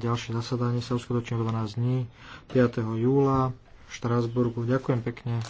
Ďalšie zasadanie sa uskutoční o 12 dní 5. júla v Štrásburgu. Ďakujem pekne.